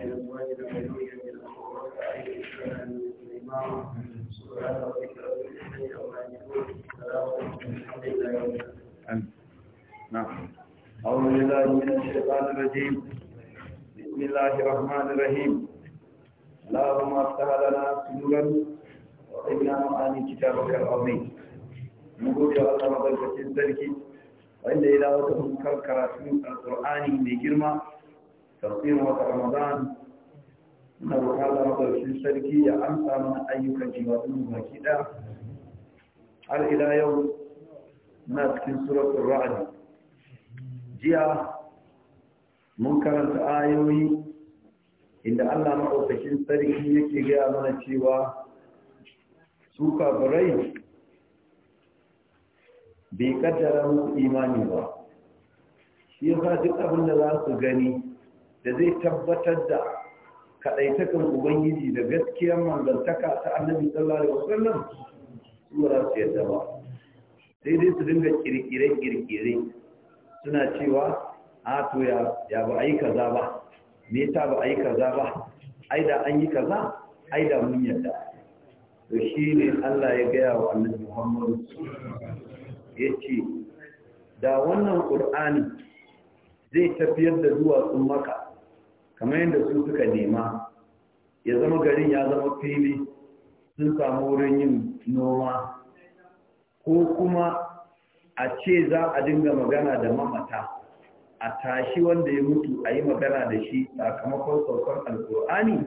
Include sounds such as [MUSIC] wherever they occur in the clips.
أزواجنا وذريتنا قرة أعين واجعلنا للإمام سبحان ربك رب العزة عما يصفون سلام الحمد لله رب العالمين نعم أعوذ بالله من الشيطان الرجيم بسم الله الرحمن الرحيم اللهم افتح لنا سرورا وقنا معاني كتابك العظيم نقول يا الله مبارك في الزلكي wanda ya dawo da hukar karatun alkur'ani mai girma tafsirin wata ramadan na bukata madaukin sarki ya amsa mana ayyukan jimatun baki ɗaya har ila yau na cikin suratun ra'adi jiya mun karanta ayoyi inda allah maɗaukakin sarki yake gaya mana cewa su kafirai bai kaddara musu imani ba shi yasa duk abin da za su gani da zai tabbatar da kaɗaitakan ubangiji da gaskiyar manzantaka ta annabi sallallahu alaihi wasallam su ba su yadda ba sai dai su dinga kirkire-kirkire suna cewa a to ya ba a yi kaza ba me ta ba a yi kaza ba ai da an yi kaza ai da mun yadda to shi ne Allah ya gaya wa annabi Muhammadu ya ce da wannan ƙur'ani zai tafiyar da duwatsun maka kamar yadda su suka nema ya zama garin ya zama fili sun samu wurin yin noma ko kuma a ce za a dinga magana da mamata a tashi wanda ya mutu a yi magana da shi sakamakon saukar alkur'ani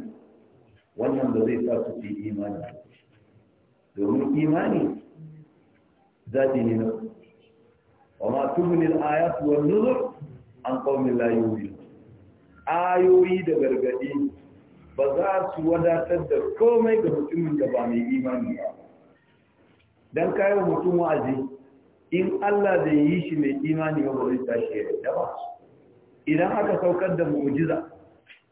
wannan ba zai sa su fi imani domin imani zaɓi ne na wa ma tubulil ayatu nuzur an qaumin la ayoyi da gargadi ba za su wadatar da komai ga mutumin da ba mai imani ba don kayan mutum wa'azi in Allah zai yi shi mai imani ba ba zai tashi ya yarda ba idan aka saukar da mu'jiza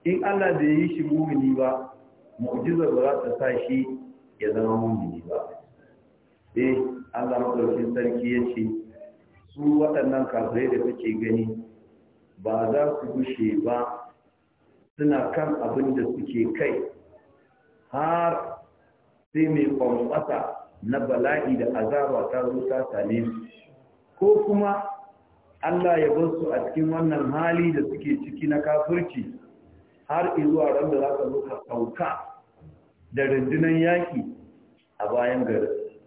in Allah zai yi shi mumini ba mu'ujiza ba za ta sa shi ya zama mumini ba eh Allah madaukakin sarki ya ce su waɗannan kafirai da kuke gani ba za su gushe ba suna kan abin da suke kai har sai mai kwamfasa na bala'i da azaba ta zo ta same su ko kuma Allah ya bar su a cikin wannan hali da suke ciki na kafirci har izuwa ran da za ka zo ka sauka da rundunar yaƙi a bayan garin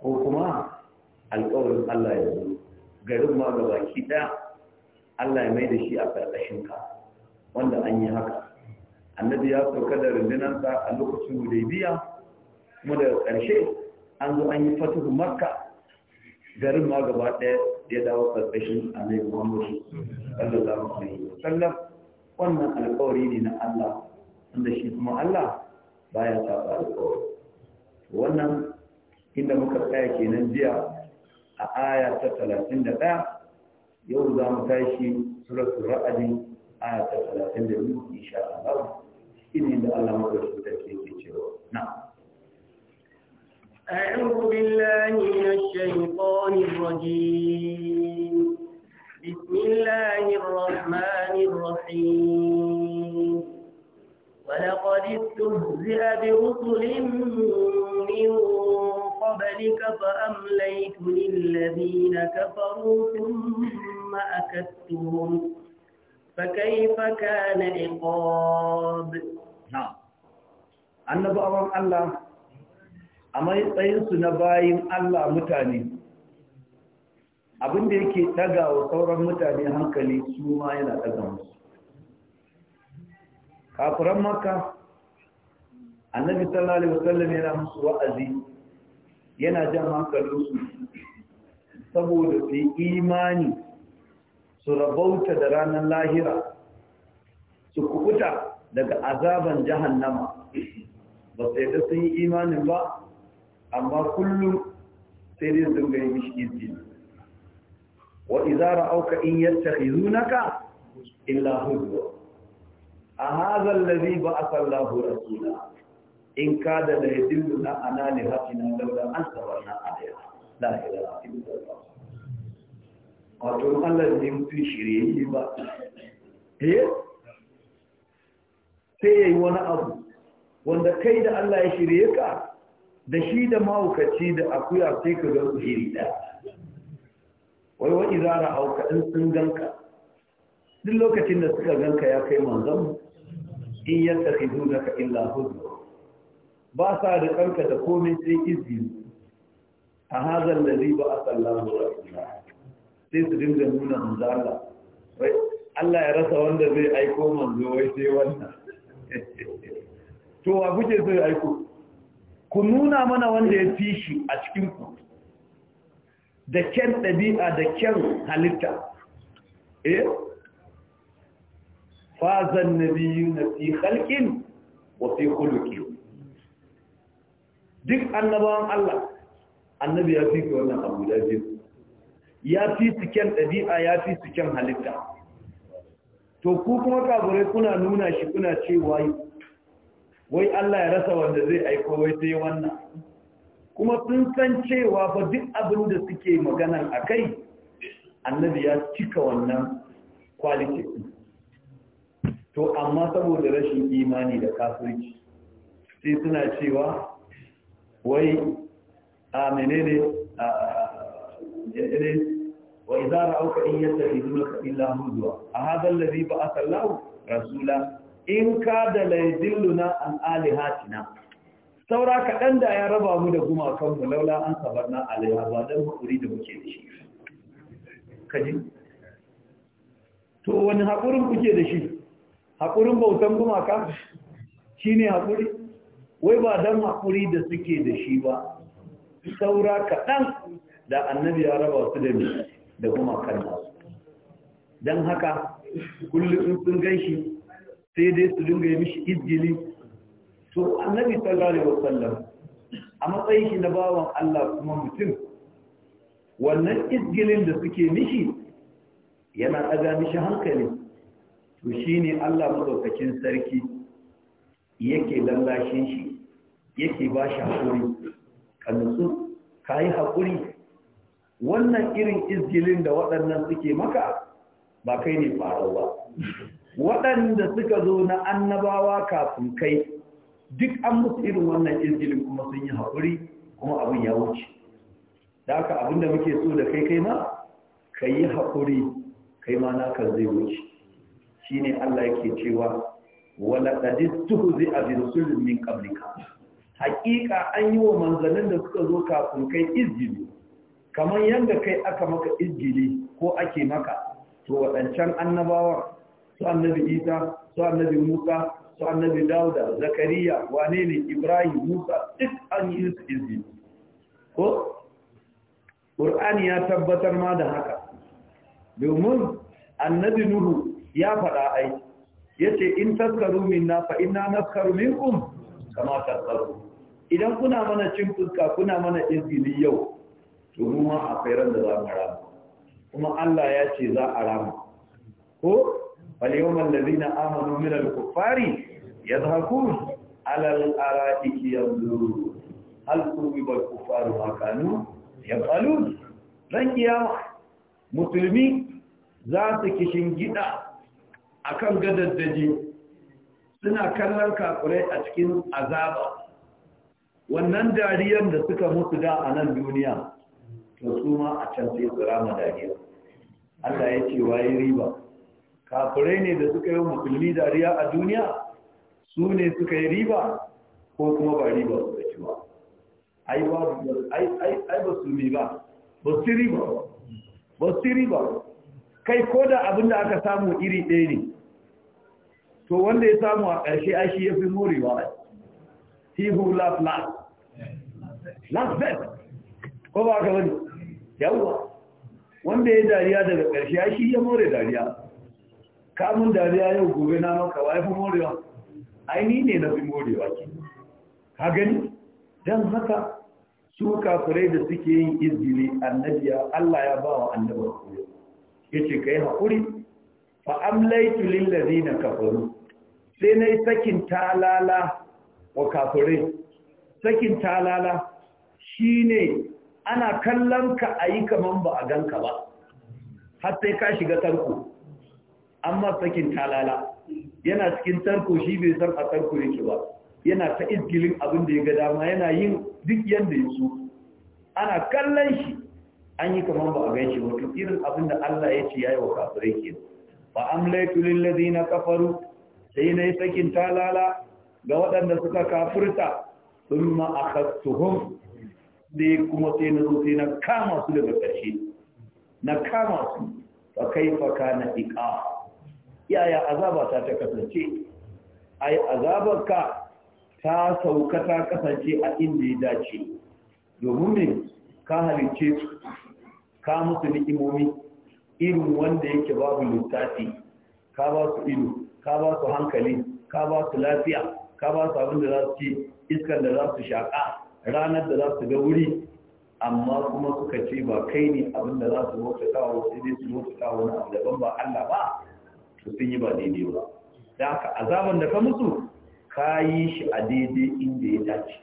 ko kuma alƙawarin Allah ya zo garin ma ga baki ɗaya Allah ya mai da shi a ƙarƙashin ka. wanda an yi haka annabi ya sauka da rundunansa a lokacin hudaybiya kuma daga ƙarshe an zo an yi fatuhu makka garin ma gaba ɗaya ya dawo ƙarƙashin annabi muhammadu sallallahu alaihi wasallam wannan alƙawari ne na Allah wanda shi kuma Allah baya saba alƙawari wannan inda muka tsaya kenan jiya a aya ta 31 yau za mu tashi suratul ra'adi aya ta talatin da biyu insha Allah shi ne da Allah madaukakin أعوذ بالله من الشيطان الرجيم بسم الله الرحمن الرحيم ولقد استهزئ برسل من قبلك فأمليت للذين كفروا ثم أكدتهم فكيف كان عقاب نعم annabawan Allah a matsayinsu na bayin Allah mutane abinda yake daga wa sauran mutane hankali su ma yana daga musu kafiran maka annabi sallallahu alaihi wasallam yana musu wa'azi yana jan hankalinsu saboda su imani su rabauta da ranar lahira su kubuta daga azaban jahannama ba su da sun yi imanin ba amma kullum sai dai ga yi mishi wa izara auka in yattakhizunaka illa huwa a hadha alladhi ba'atha Allahu rasula in kada la yadilluna ana lihatina lawla an sabarna alayha la ilaha illa Allah wato Allah ne mutum shirye ba eh sai yayi wani abu wanda kai da Allah ya shirye ka da shi da mahaukaci da akuya sai ka ga su iri da wai wa izara auka in sun ganka duk lokacin da suka ganka ya kai manzon in ka illa huzwa ba sa da ƙarka da komai sai izini a hazan da riba a sallahu rasulullahi sai su dinga nuna manzo Allah wai Allah ya rasa wanda zai aiko manzo wai sai wannan [LAUGHS] to wa kuke so aiko ku nuna mana wanda ya fi shi a cikin ku da kyan ɗabi'a da kyan halitta eh fazan nabiyyu na fi khalqin wa fi khuluqin duk annabawan Allah annabi ya fi wannan abu da biyu ya fi su ɗabi'a ya fi su halitta to ku kuma kaburai kuna nuna shi kuna cewa wai Allah ya rasa wanda zai aiko wai sai wannan kuma sun san cewa ba duk abin da suke maganan a kai annabi ya cika wannan kwalite to amma saboda rashin imani da kafirci sai suna cewa wai a menene a wa idza ra'awka in yattakhidunaka illa huzwa a hadha alladhi ba'atha Allahu rasula in ka da laydilluna an alihatina saura kaɗan da ya raba mu da gumakan mu laula an sabarna alaiha ba dan hakuri da muke da shi kaji to wani hakurin kuke da shi hakurin bautan gumaka shine hakuri wai ba dan hakuri da suke da shi ba saura kaɗan da annabi ya raba su da mai da kuma kanta. don haka kullum in sun gan sai dai su dinga yi mishi izgili to annabi sallallahu alaihi wasallam a matsayin shi na bawan Allah kuma mutum wannan izgilin da suke mishi yana ɗaga mishi hankali to shine Allah madaukakin sarki yake lallashin shi yake ba shi hakuri ka nutsu ka yi haƙuri wannan irin izgilin da waɗannan suke maka ba kai ne farau ba waɗanda suka zo na annabawa kafin kai duk an musu irin wannan izgilin kuma sun yi haƙuri kuma abin ya wuce da haka abin da muke so da kai kai ma ka yi haƙuri kai ma naka zai wuce shi ne Allah yake cewa wala ƙadis tuhu zai abin sulmin ƙablika haƙiƙa an yi wa manzannin da suka zo kafin kai izgilin kamar yadda kai aka maka izgili ko ake maka to waɗancan annabawa su annabi isa su annabi musa su annabi dauda zakariya wane ne ibrahim musa duk an yi su izgili ko ƙur'ani ya tabbatar ma da haka domin annabi nuhu ya faɗa ai yace in taskaru na fa inna naskaru kuma kama tattaru. idan kuna mana cin fuska kuna mana izgili yau to mu ma akwai ran da za mu rama kuma Allah ya ce za a rama ko wal yawmal ladina amanu min al kuffari yadhakun ala al araiki yanzuru hal tuwiba al kuffaru ma kanu yaqalun ran kiyama musulmi za su kishin gida akan gadaddaji suna kallon kakurai a cikin azaba wannan dariyar da suka mutu da a nan duniya to su ma a can sai su rama dariya Allah ya ce waye riba kafirai ne da suka yi musulmi dariya a duniya su ne suka yi riba ko kuma ba riba su ci ba ai ba ai ai ai ba su riba ba su riba ba su riba kai ko da abin da aka samu iri ɗaya ne to wanda ya samu a ƙarshe ai shi ya fi morewa he who laughs last last best ko ba ka bani? yawwa wanda ya dariya daga ƙarshe shi ya more dariya kamun dariya yau gobe na maka wa fi morewa aini ne na fi morewa ke ka gani don haka su kafirai da suke yin izini annabiya Allah ya ba wa annabar koyo ya ce ka yi haƙuri fa amlaitu lillazi na kafaru sai na yi sakin talala wa kafirai sakin talala shi ne ana kallon ka a yi kamar ba a ganka ba har sai ka shiga tarko amma sakin talala yana cikin tarko shi bai san a tarko yake ba yana ta izgilin abin da ya ga dama yana yin duk yadda ya so ana kallon shi an yi kamar ba a gan shi wato irin abin da Allah ya ce yi wa kafirai ke Ba amlaytu lil ladina kafaru sai na yi sakin talala ga waɗanda suka kafirta sun ma'akastuhun sai kuma sai na zo sai na kama su daga ƙarshe na kama su fa faka na iqa yaya azaba ta ta kasance ai azabarka ta sauka ta kasance a inda ya dace domin ne ka halice su ka musu ni'imomi irin wanda yake babu littafi ka ba su ido ka ba su hankali ka ba su lafiya ka ba su abin da za su ci iskar da za su shaƙa ranar da za su ga wuri amma kuma suka ce ba kai ne abin da za su wata kawo sai dai su wata kawo na abu daban ba Allah ba su sun yi ba daidai ba da haka azaban da ka mutu? ka yi shi a daidai inda ya dace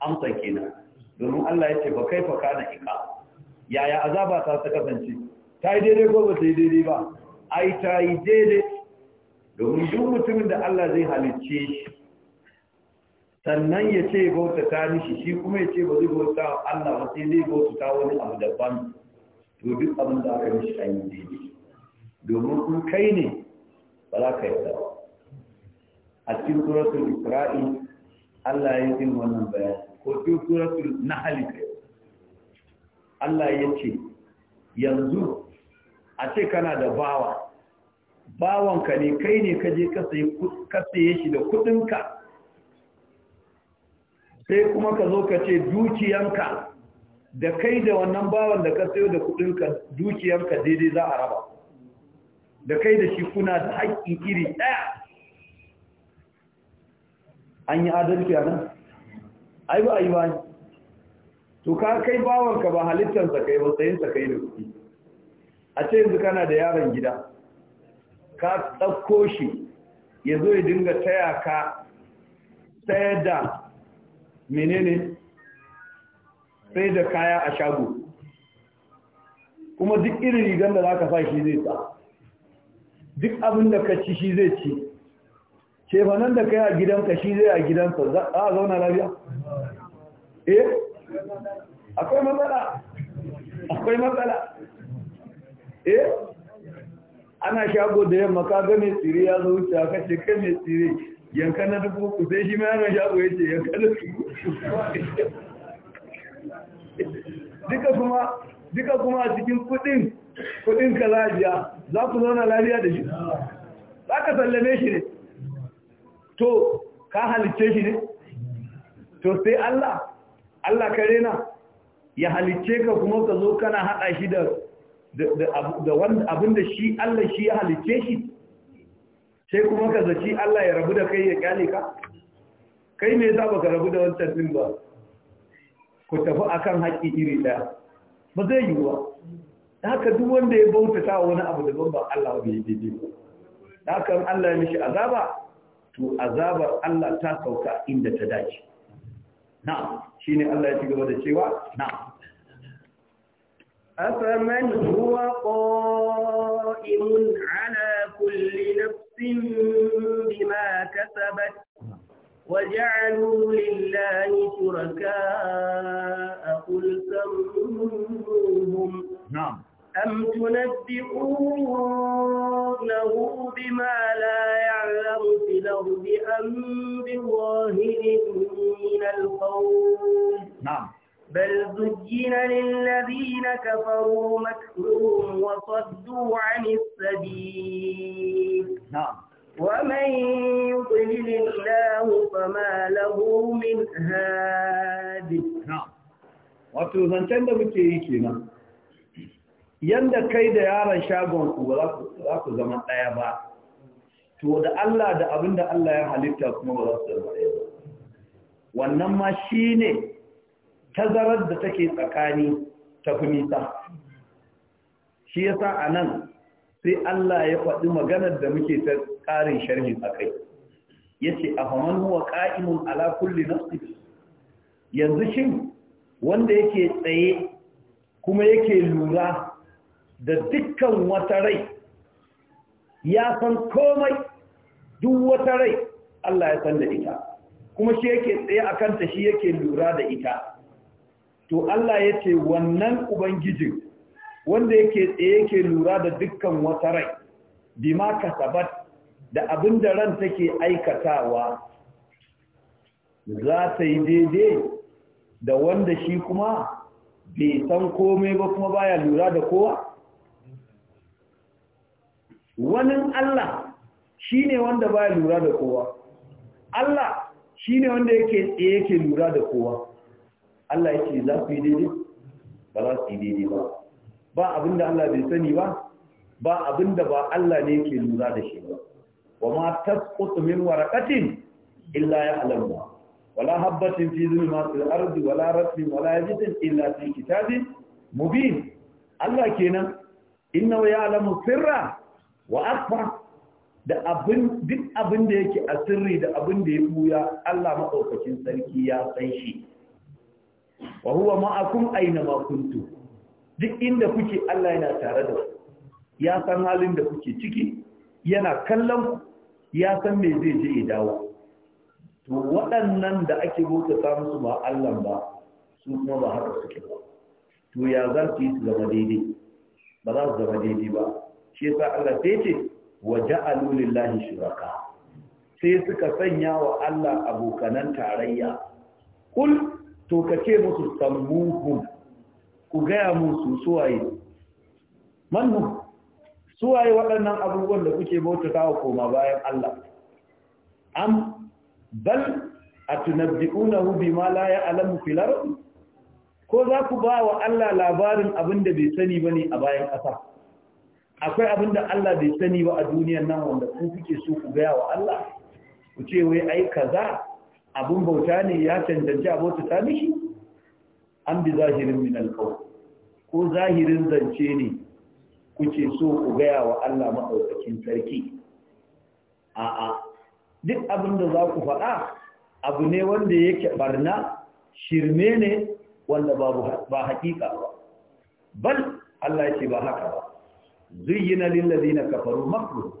amsa kenan domin Allah ya ce ba kai fa na ika. yaya azaba ta ta kasance ta yi daidai ko ba ta yi daidai ba ai ta yi daidai domin duk mutumin da Allah zai halicce shi sannan ya ce bauta ta nishi, shi kuma ya ce ba zai bauta wa Allah ba sai zai bauta ta wani abu daban to duk abin da aka mishi ainihin yi daidai domin kun kai ne ba za ka yarda ba a cikin suratul isra'i Allah ya yi wannan bayan ko cikin suratul nahl Allah ya ce yanzu a ce kana da bawa bawanka ne kai ne ka je ka saye shi da ka sai kuma ka zo ka ce dukiyanka da kai da wannan bawan da ka sayo da kudinka dukiyanka daidai za a raba da kai da shi kuna da haƙƙi iri ɗaya an yi adalci a nan ai ba a yi ba to ka kai bawanka ba halittarsa kai ba sayinsa kai da kuɗi a ce yanzu kana da yaron gida ka tsakko shi ya zo ya dinga taya ka sayar da menene sai da kaya a shago kuma duk irin rigar da za ka sa shi zai sa duk abin da ka ci shi zai ci shefanan da kai a gidanka shi zai a gidansa za a zauna lafiya? eh akwai matsala akwai matsala eh ana shago da yamma ka ga mai tsiri ya zo wuce aka ce kai mai tsiri yanka na dubu uku sai shi mai yaron shago ya ce yanka na dubu duka kuma duka kuma a cikin kudin kudin ka lafiya za ku zauna lafiya da shi za ka sallame shi ne to ka halicce shi ne to sai Allah Allah kare na ya halicce ka kuma ka zo kana haɗa shi da abin da shi Allah shi ya halicce shi sai kuma ka zaci Allah ya rabu da kai ya kyale ka kai me yasa baka rabu da wancan din ba ku tafi akan haƙi iri ɗaya ba zai yi ba haka duk wanda ya bautata wani abu da ban Allah ba yi daidai ba haka Allah ya mishi azaba to azabar Allah ta sauka inda ta dace na'am shine Allah ya ci gaba da cewa na'am أفمن هو قائم على كل نفس نفس بما كسبت وجعلوا لله شركاء قل سموهم نعم أم تنبئونه بما لا يعلم في الأرض أم بظاهر من القول نعم بل زجن للذين كفروا مكرهم وصدوا عن السبيل نعم ومن يضلل الله فما له من هاد نعم wato zancen da muke yi kenan yanda kai da yaron shagon ku za ku zama ɗaya ba to da Allah da abinda Allah ya halitta kuma ba za su zama ɗaya ba wannan ma shi ne tazarar da take tsakani ta fi nisa shi yasa a nan sai Allah ya faɗi maganar da muke ta ƙarin sharhi a kai ya ce a huwa ƙa'imun ala kulli nafsi yanzu shin wanda yake tsaye kuma yake lura da dukkan wata rai ya san komai duk wata rai Allah ya san da ita kuma shi yake tsaye a kanta shi yake lura da ita to Allah ya ce wannan ubangijin wanda yake tsaye yake lura da dukkan wata rai bima kasabat da abin da ran take aikatawa za ta yi daidai da wanda shi kuma bai san komai ba kuma baya lura da kowa wani Allah shi ne wanda baya lura da kowa Allah shi ne wanda yake tsaye yake lura da kowa Allah ya ce za ku yi daidai ba za su yi daidai ba ba abinda Allah bai sani ba ba abinda ba Allah ne yake lura da shi ba wa ma tasqutu min waraqatin illa ya'lamuha wala habatin fi zulmatil ardi wala ratbin wala yabsin illa fi kitabin mubin Allah kenan inna ya'lamu sirra wa akhfa da abin duk abin da yake asirri da abin da ya buya Allah madaukakin sarki ya san shi wa huwa ma'akum aina ma kuntum duk inda kuke Allah yana tare da ku ya san halin da kuke ciki yana kallon ku ya san me zai je ya dawo to waɗannan da ake bauta samu musu ba Allah ba su kuma ba haka suke ba to ya za su yi su zama daidai ba za su zama daidai ba shi yasa Allah sai ce wa ja'alu lillahi shuraka sai suka sanya wa Allah abokanan tarayya kul to ka ce musu sammuhum ku gaya musu suwaye mannu suwaye waɗannan abubuwan da kuke bautata wa koma bayan Allah am bal atunabbi'unahu bima la ya'lamu fil ardh ko za ku ba wa Allah labarin abin da bai sani bane a bayan ƙasa akwai abin da Allah bai sani ba a duniyar nan wanda ku kuke so ku gaya wa Allah ku ce wai ai kaza abun bauta ne ya cancanci abota ta mishi an bi zahirin min alƙawar ko zahirin zance ne kuke so ku gaya wa Allah maɗaukakin sarki a'a duk abin da za ku faɗa abu ne wanda yake barna shirme ne wanda ba haƙiƙa ba bal Allah ce ba haka ba zuyyina lillazina kafaru makru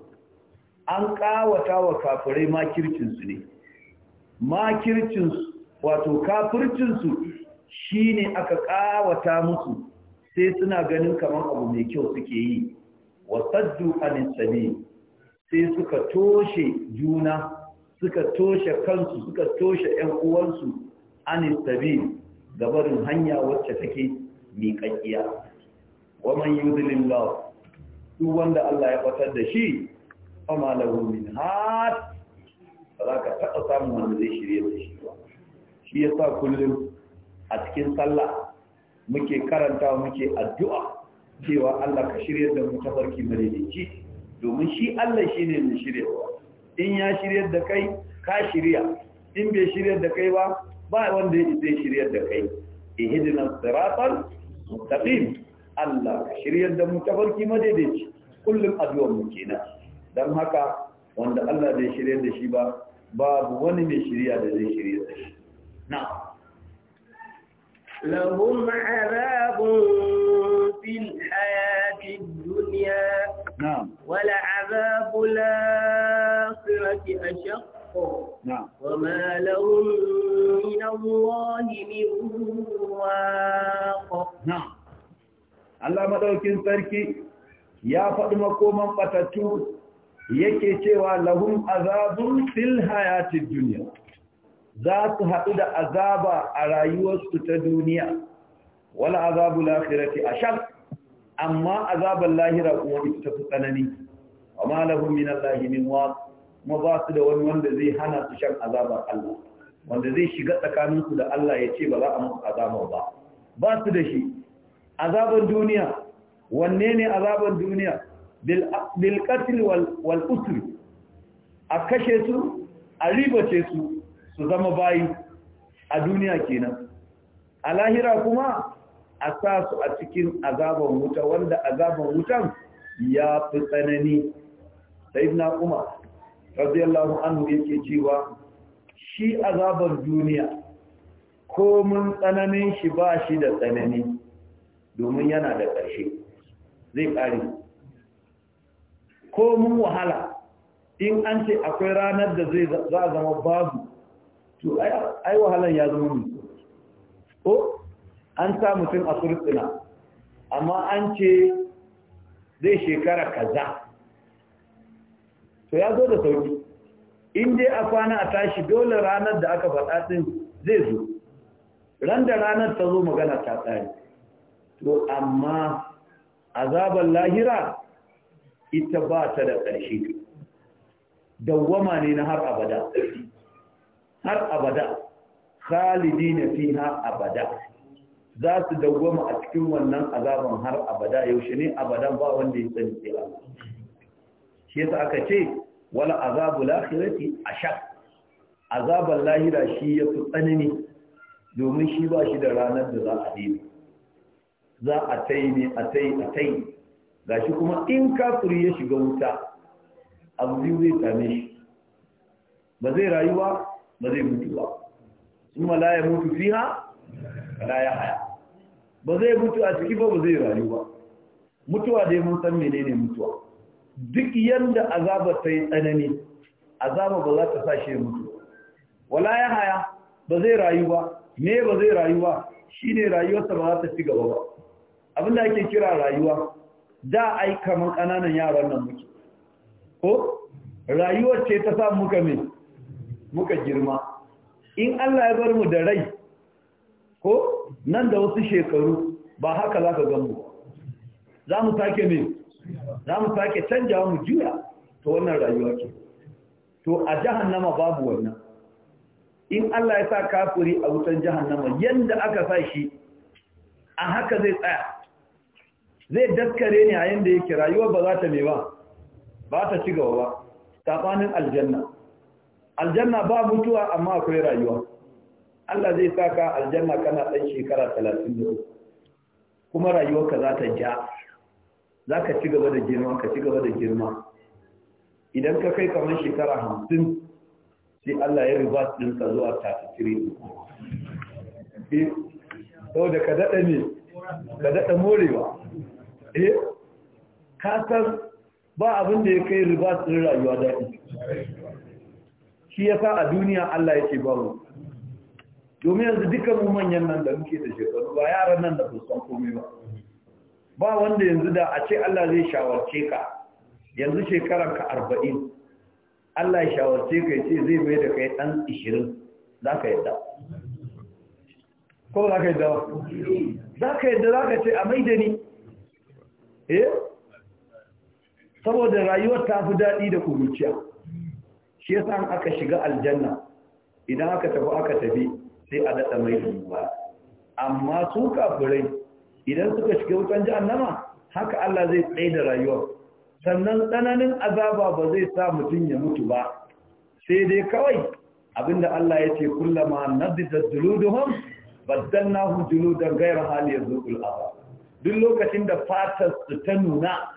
an kawata wa kafirai makircin su ne makircinsu wato kafircinsu shi ne aka ƙawata musu sai suna ganin kamar abu mai kyau suke yi wasaddu anisani sai suka toshe juna suka toshe kansu suka toshe 'yan uwansu anisani gabarin hanya wacce take miƙaƙiya waman yudilin law duk wanda Allah ya fatar da shi fama lahu min hat ba za ka taɓa samun wanda zai shirye da shi ba shi ya sa kullum a cikin sallah muke karanta muke addu'a cewa Allah ka shirye da mu ta barki madaidaici domin shi Allah shi ne mai shiryewa in ya shirye da kai ka shirya in bai shirye da kai ba ba wanda zai shirye da kai ihdina siratal mustaqim Allah ka shirye da mu ta barki madaidaici kullum addu'ar mu kenan dan haka wanda Allah zai shirye da shi ba babu wani mai shirya da zai shirya da shi na lahum azabun fil hayati dunya na'am wala azabul akhirati a نعم Na. لهم من الله من واق نعم Allah maɗaukin sarki ya faɗi makoman ɓatattu yake cewa lahum azabun fil hayatid dunya za su haɗu da azaba a rayuwarsu ta duniya wala azabu akhirati ashaq amma azabul lahira kuma ita ta tsanani amma lahum min allahi min waq kuma ba su da wani wanda zai hana su shan azabar Allah wanda zai shiga tsakaninku da Allah ya ce ba za a musu azabar ba ba su da shi azabar duniya wanne ne azabar duniya bil qatl wal a kashe su a ribace su su zama bayi a duniya kenan a lahira kuma a sa su a cikin azaban wuta wanda azaban wutan ya fi tsanani sai sayyidina umar radiyallahu anhu yake cewa shi azaban duniya ko mun tsananin shi ba shi da tsanani domin yana da ƙarshe zai ƙare ko mun wahala in an ce akwai ranar da zai za a zama babu to ai wahalan ya zama mun ko an sa mutum a surtsina amma an ce zai shekara kaza to ya zo da sauki in dai a kwana a tashi dole ranar da aka faɗa ɗin zai zo ran da ranar ta zo magana ta tsari to amma azabar lahira ita ba ta da ƙarshe dawwama ne na har abada har abada khalidi na fiha abada za su dawwama a cikin wannan azaban har abada yaushe ne abadan ba wanda ya sani sai Allah shi yasa aka ce wala azabu lakhirati ashaq azaban lahira shi yafi tsanani domin shi ba shi da ranar da za a dena. za a tai ne a tai a tai gashi kuma in kafiri ya shiga wuta abu biyu zai same shi ba zai rayuwa ba zai mutu ba kuma la ya mutu fiha la ya haya ba zai mutu a ciki ba ba zai rayuwa mutuwa dai mun san menene mutuwa duk yanda azaba ta yi tsanani azaba ba za ta sa shi mutu wala ya haya ba zai rayuwa me ba zai rayuwa shine rayuwarsa ba za ta ci gaba ba abin da ake kira rayuwa da ai kaman ƙananan yaran nan muke ko rayuwar ce ta sa muka mai muka girma in Allah ya bar mu da rai ko nan da wasu shekaru ba haka za ka za mu sake mai za mu take canjawa mu juya to wannan rayuwa ce to a jahannama babu wannan in Allah ya sa kafuri a wutan jahannama yanda aka sa shi a haka zai tsaya zai daskare ne a yanda yake rayuwa ba za ta mewa ba ta ci gaba ba tsakanin aljanna aljanna ba mutuwa amma akwai rayuwa Allah zai saka aljanna kana ɗan shekara 33 kuma rayuwarka za ta ja za ka ci gaba da girma ka ci gaba da girma idan ka kai kamar shekara 50 sai Allah ya reverse din eh, ka zuwa 33 Ko da ka dada ne ka dada morewa eh ka san ba abin da ya kai riba tsirin rayuwa daɗi shi ya sa a duniya Allah ya ce ba mu domin yanzu dukkan mu manyan nan da muke da shekaru ba yaran nan da ba san komai ba ba wanda yanzu da a ce Allah zai shawarce ka yanzu shekarar ka arba'in Allah ya shawarce ka ya ce zai mai da kai ɗan ishirin za ka yadda ko za ka yadda za ka yadda za ka ce a maida ni eh saboda rayuwar ta fi daɗi da kuruciya shi yasa an aka shiga aljanna idan aka tafi aka tafi sai a daɗa mai ba amma su kafirai idan suka shiga wutan jahannama haka Allah zai tsaye da rayuwar sannan tsananin azaba ba zai sa mutum ya mutu ba sai dai kawai abinda Allah ya ce kullama zan juluduhum baddalnahum juludan ghayra hali yazuqul azab duk lokacin da fatar su ta nuna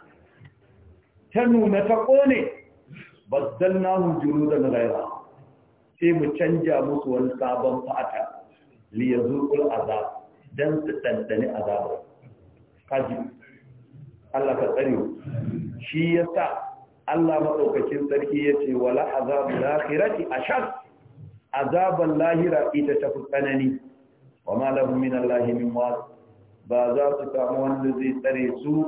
ta nuna ta kone bazzan namun juru da nagaira sai mu canja musu wani sabon fata liyazurkul azab don su ɗanɗani azabar kaji Allah ka tsare shi ya sa Allah maɗaukakin sarki ya ce wala azabu lahirati ashar azaban lahira ita ta fi tsanani wa ma lahu min Allah min wasu بازار تتعمون الذي تريسو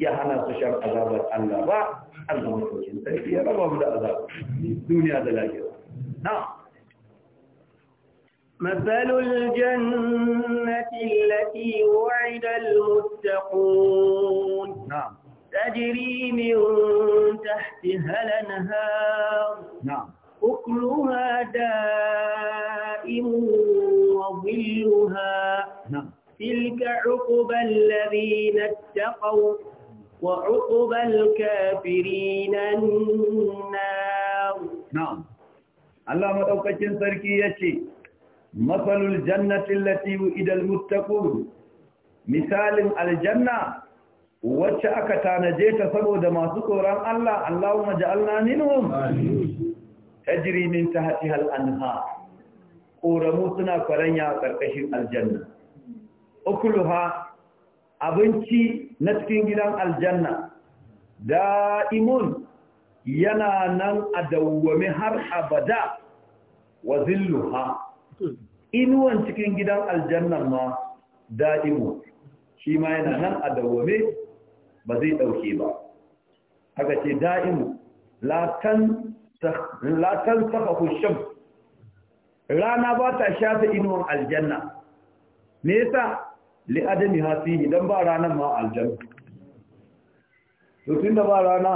يحنا سشر عذاب الله با الله مفوشن الله يا رب عبد العذاب دنيا دلاجر نعم مثل الجنة التي وعد المتقون نعم تجري من تحتها الانهار نعم اكلها دائم وظلها ذلك عقبى الذين اتقوا وعقبى الكافرين النار نعم الله مدوكتين سركي يشي مثل الجنة التي وإذا المتقون مثال الجنة wacce aka tanaje ta saboda masu tsoron Allah Allahumma ja'alna minhum tajri min tahtiha al-anhar koramu suna kwaranya ƙarƙashin aljanna ukuluha abinci na cikin gidan aljanna da'imun yana nan a dawwame har abada wa zilluha inuwan cikin gidan aljannan ma da'imu shi ma yana nan a dawwame ba zai ɗauke ba haka ce da'imu latan saka hushin rana ba ta shafe inuwan aljanna me yasa li adami hafihi dan ba rana ma aljanna to tunda ba rana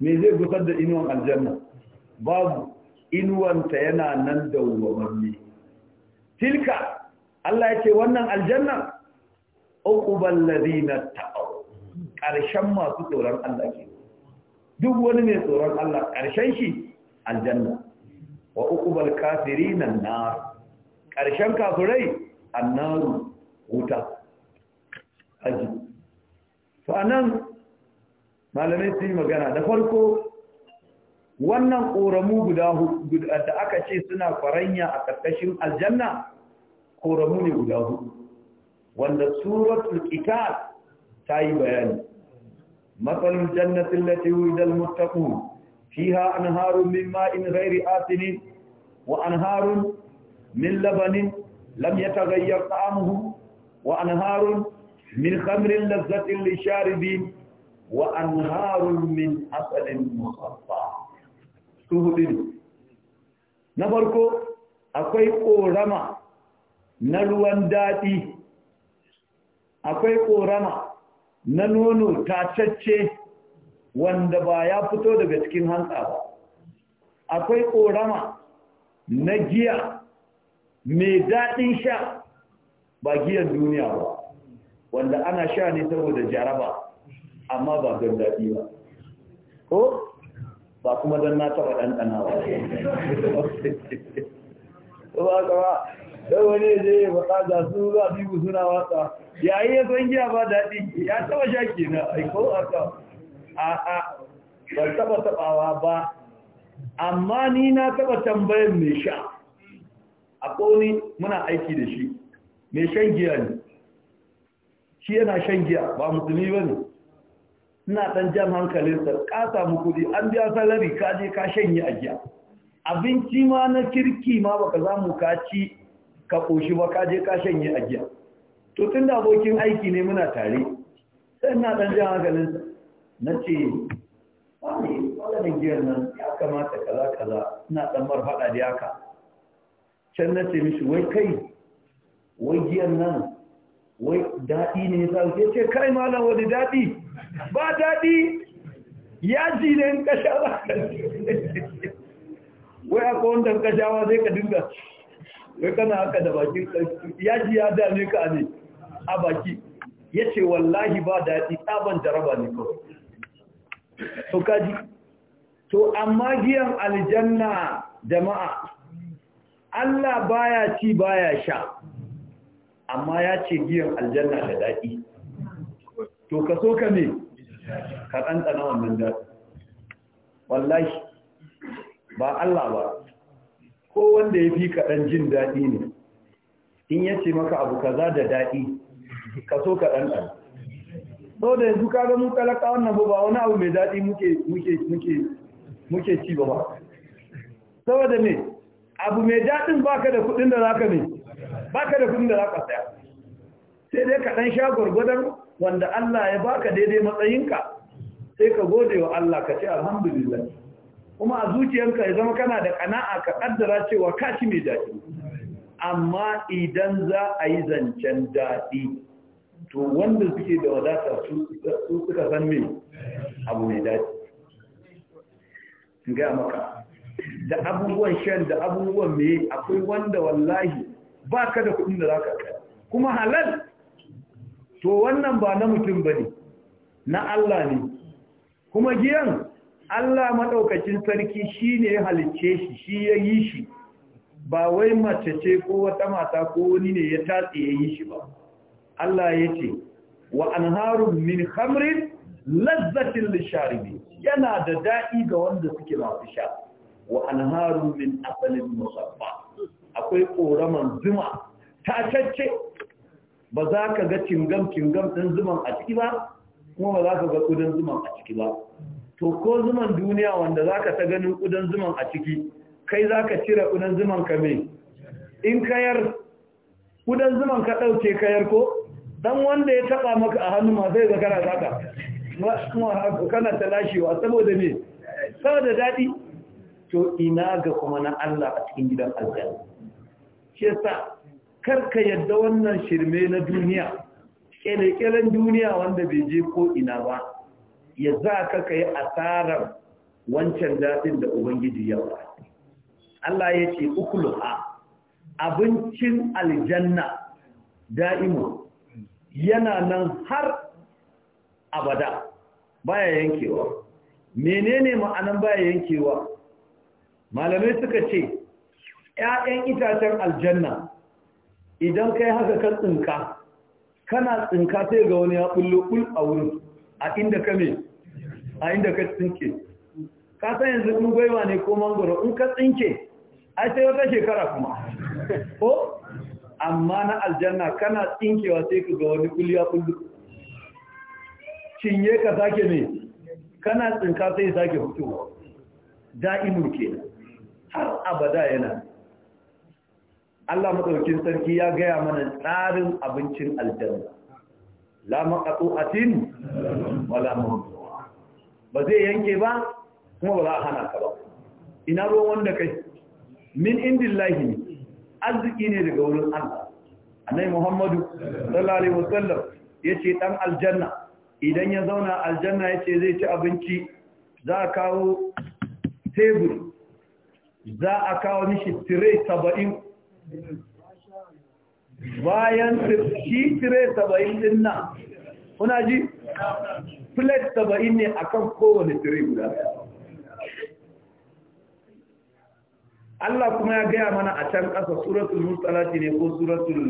me zai gusar da inuwan aljanna babu inuwanta yana nan da dawwamanni tilka Allah ya ce wannan aljanna uqbal ladina ta'aw karshen masu tsoron Allah ke duk wani mai tsoron Allah karshen shi aljanna wa uqbal kafirina nar karshen kafirai annaru wuta aji to anan malamai sun yi magana da farko wannan ƙoramu guda da aka ce suna kwaranya a ƙarƙashin aljanna ƙoramu ne guda hudu wanda suratul qital ta yi bayani matsalin jannatin lati wuridal muttaqun fiha anharun min ma'in ghairi asinin, wa anharun min labanin lam yataghayyar ta'amuhu wa anharun min khamrin lazzatin lisharibin wa anharun min asalin musaffa su hudu na farko akwai ƙorama na ruwan daɗi akwai ƙorama na nono tacacce wanda ba ya fito daga cikin hantsa ba akwai ƙorama na giya mai daɗin sha ba giyan duniya ba wanda ana sha ne saboda jaraba amma ba don daɗi ba ko ba kuma don na taɓa ɗanɗana ba ba ka ba don wani ya je ba ka da su za su yi suna wasa yayi ya san giya ba daɗi ya taɓa sha ke na aiko aka a a ban taɓa taɓawa ba amma ni na taɓa tambayar mai sha a ƙoni muna aiki da shi mai shan giya ne shi yana shan giya ba musulmi ba ne ina ɗan jan hankalinsa ka samu kuɗi an biya salari ka je ka shanye a giya abinci ma na kirki ma baka zamu ka ci ka ƙoshi ba ka je ka shanye a giya to tun da abokin aiki ne muna tare sai ina ɗan jan hankalinsa na ce wani wani giyar nan ya kamata kaza kaza ina ɗan marfaɗa da yaka can na ce mishi wai kai wai giyar nan wai daɗi ne ya sa ce kai na wani daɗi ba daɗi yaji ne in kashawa wai aka wanda kashawa zai ka dinga wai kana haka da baki yaji ya dame ka ne a baki ya ce wallahi ba daɗi tsaban jaraba ne kawai to kaji to amma giyan aljanna jama'a Allah baya ci baya sha amma ya ce giyan aljanna da daɗi to ka so ka ne ka ɗanɗana wannan daɗi wallahi ba Allah ba ko wanda ya fi kaɗan jin daɗi ne in ya ce maka abu kaza da daɗi ka so ka ɗanɗana so da yanzu kaga mu talaka wannan ba wani abu mai daɗi muke ci ba ba saboda ne abu mai daɗin baka da kuɗin da zaka ne ba ka da kudin da za ka saya sai dai ka ɗan sha gurgudan wanda Allah ya baka daidai matsayinka sai ka gode wa Allah ka ce alhamdulillah kuma a zuciyarka ya zama kana da ƙana'a ka kaddara cewa ka ci mai daɗi amma idan za a yi zancen daɗi to wanda suke da wadata su suka san mai abu mai daɗi ga maka da abubuwan shan da abubuwan mai akwai wanda wallahi ba ka da kuɗin da za ka kuma halal to wannan ba na mutum ba ne na Allah ne kuma giyan Allah maɗaukacin sarki shi ne ya halicce shi shi ya yi shi ba wai mace ce ko wata mata ko wani ne ya tatse ya yi shi ba Allah ya ce wa anharun min khamrin lazzatin lisharibi yana da daɗi ga wanda suke masu sha wa anharun min asalin musabba akwai ƙoraman zuma ta cacce ba za ka ga cingam-cingam ɗin zuman a ciki ba kuma ba za ka ga ƙudan zuman a ciki ba to ko zuman duniya wanda za ka ta ganin ƙudan zuman a ciki kai za ka cire ƙudan zuman ka mai in kayar ƙudan zuman ka ɗauke kayar ko dan wanda ya taɓa maka a hannu ma zai zakara kana zaka kana talashewa saboda me saboda daɗi to ina ga kuma na Allah a cikin gidan aljanna shi yasa karka yadda wannan shirme na duniya kyalekyalen duniya wanda bai je ko ina ba ya za ka ka yi asarar wancan daɗin da ubangiji ya ba Allah ya ce ukuluha abincin aljanna da'imu yana nan har abada baya yankewa menene ma'anan baya yankewa malamai suka ce ‘ya'yan itacen aljanna idan kai haka kan tsinka kana tsinka sai ga wani ya bullo kul a wurin a inda ka me a inda ka tsinke ka san yanzu in gwaiwa ne ko mangoro in ka tsinke ai sai wata shekara kuma [LAUGHS] ko amma na aljanna kana tsinkewa sai ka ga wani kul ya bullo cinye ka sake me kana tsinka sai sake fitowa da'imul kenan har abada yana Allah maɗaukin sarki ya gaya mana tsarin abincin aljanna la maqtu'atin wala mamnu'a ba zai yanke ba kuma ba za a hana ka ba ina ruwan wanda kai min indillahi ne arziki ne daga wurin Allah annabi Muhammadu sallallahu alaihi wasallam yace ɗan aljanna idan ya zauna aljanna yace zai ci abinci za a kawo tebur za a kawo mishi tire 70 bayan shi tire saba'in din nan kuna ji? plate saba'in ne a kan kowane tire guda Allah kuma ya gaya mana a can ƙasa suratul mustalati ne ko suratul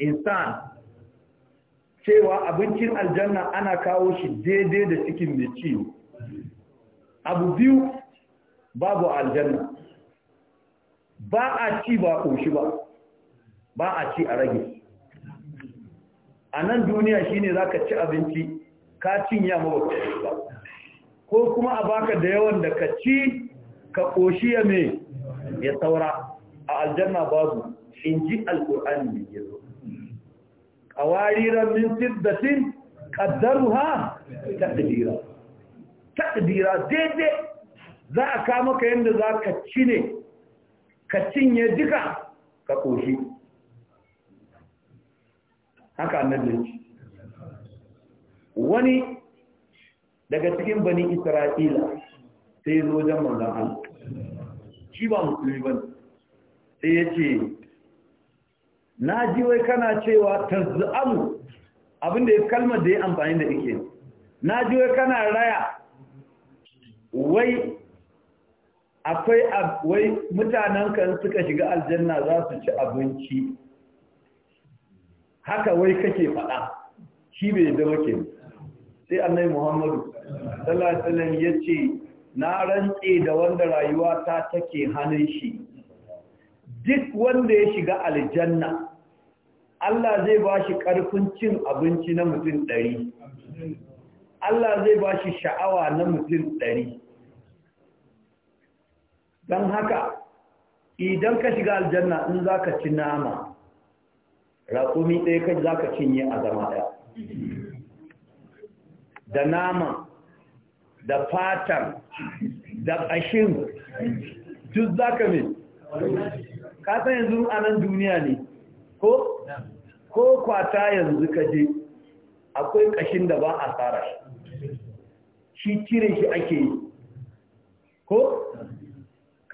insan cewa abincin aljanna ana kawo shi daidai da cikin mai ciwo abu biyu babu aljanna ba a ci ba ƙunshi ba ba a ci a rage a nan duniya shi ne za ka ci abinci ka cinya ma ba ba ko kuma a baka da yawan da ka ci ka ƙoshi ya me ya saura a aljanna babu in ji alƙur'ani da zo. a wariran sin siddatin ha taɗadira taɗadira daidai za a kama ka yadda za ka ci ne ka cinye duka ka koshi haka annabi wani daga cikin bani isra'ila sai zo wajen manzan an shi ba musulmi ba sai ya ce na ji wai kana cewa zu'amu abinda ya kalmar da ya amfani da ike na ji wai kana raya wai akwai wai mutanen kan suka shiga aljanna za su ci abinci haka wai kake faɗa shi bai zama ke sai annai muhammadu sallallahu ya ce na rantse da wanda rayuwa ta take hannun shi duk wanda ya shiga aljanna Allah zai ba shi ƙarfin cin abinci na mutum ɗari Allah zai ba shi sha'awa na mutum ɗari don haka idan ka shiga aljanna in za ka ci nama raƙumi ɗaya kai za ka cinye a zama ɗaya da nama da fatan da ƙashin duk za ka mai yanzu a nan duniya ne ko ko kwata yanzu ka je akwai ƙashin da ba a tsara shi cire shi ake yi ko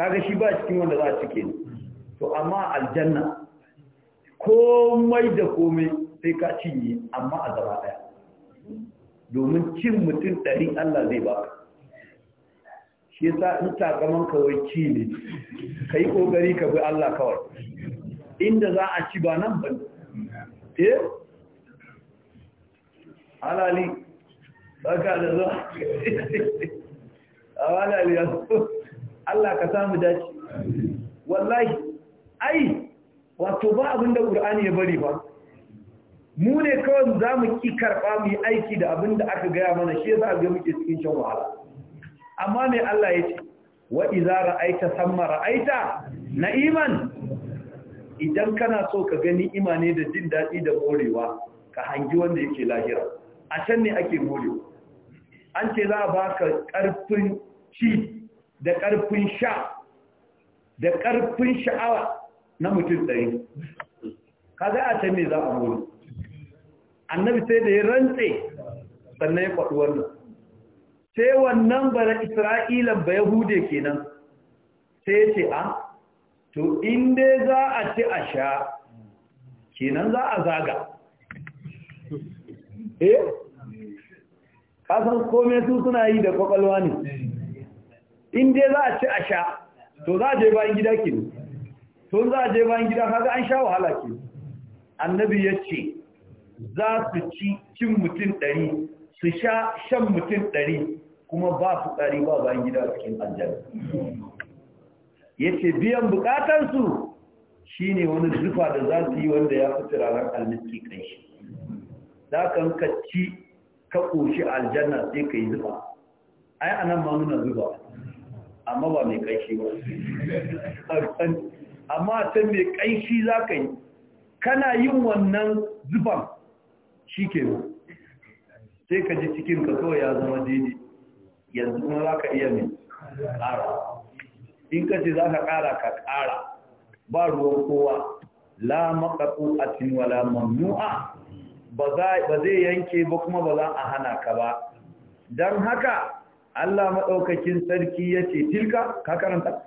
kaga shi ba cikin wanda za a cike ni to amma aljanna komai da komai sai ka cinye amma a gaba daya domin cin mutum ɗari Allah zai ba. shi yasa in takaman kawai ci ne ka yi ƙoƙari ka bi Allah kawai inda za a ci ba nan ba eh alali baka da zuwa [LAUGHS] alali ya so Allah ka samu dace wallahi ai wato ba abin da ƙur'ani ya bari ba mu ne kawai za mu ki karɓa mu yi aiki da abin da aka gaya mana shi za a ga muke cikin shan wahala amma mai Allah ya ce wa idza ra'aita samma ra'aita na'iman idan kana so ka gani imani da jin daɗi da morewa ka hangi wanda yake lahira a can ne ake morewa an ce za a baka ƙarfin ci da ƙarfin sha da ƙarfin sha'awa na mutum ɗari ka za a can ne za a mulu annabi sai da ya rantse sannan ya faɗi wannan sai wannan bara isra'ilan ba yahude kenan sai ce a ah, to inda za a ci a sha kenan za a zaga eh kasan kome su suna yi da kwakwalwa ne in dai za a ci a sha to za a je bayan gida ke to za a je bayan gida kaga an sha wahala ke annabi ya ce za su ci cin mutum ɗari su sha shan mutum ɗari kuma ba su tsari ba bayan gida cikin aljanna ya ce biyan bukatansu shi ne wani zufa da za su yi wanda ya fi turaren almiski shi. za ka ka ci ka ƙoshi aljanna sai ka yi zufa ai a ma nuna zuba amma ba mai kaishi ba amma ta mai kaishi za ka yi kana yin wannan zuban shi ke ba sai ka ji cikin ka kawai ya zama daidai yanzu kuma za ka iya mai ƙara in ka ce za ka ƙara ka ƙara ba ruwan kowa la maƙaƙo a wala mamnu'a ba zai yanke ba kuma ba za a hana ka ba don haka Allah maɗaukakin sarki ya ce, Tilka, ka karanta?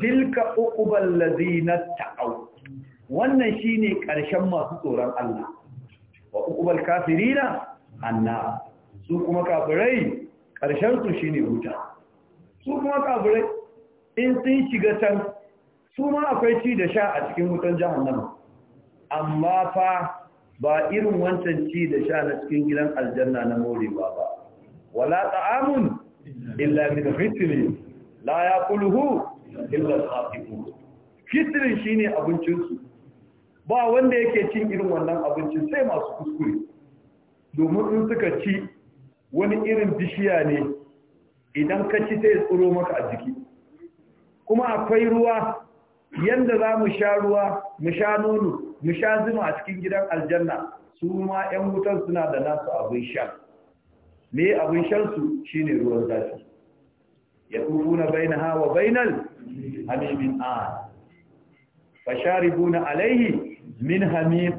Tilka uƙubar lazina ta'au. Wannan shi ne ƙarshen masu tsoron Allah. Wa uƙubar kafirina, anna. Su kuma kafirai, ƙarshensu shi ne wuta. Su kuma kafirai, in sun shiga can, su ma akwai ci da sha a cikin wutan jahannama. Amma fa ba irin wancan ci da sha na cikin gidan aljanna na morewa ba. Wala ta'amun illa min fitri la yaquluhu illa al-khatibu fitrin shine abincin su ba wanda yake cin irin wannan abincin sai masu kuskure domin in suka ci wani irin bishiya ne idan ka ci sai tsiro maka a jiki kuma akwai ruwa yanda za mu sha ruwa mu sha nono mu sha zuma a cikin gidan aljanna su ma 'yan wutan suna da nasu abin sha me abin shansu shine ruwan zafi ya bai na wa bainal hamimin an fasharibuna alaihi min hamim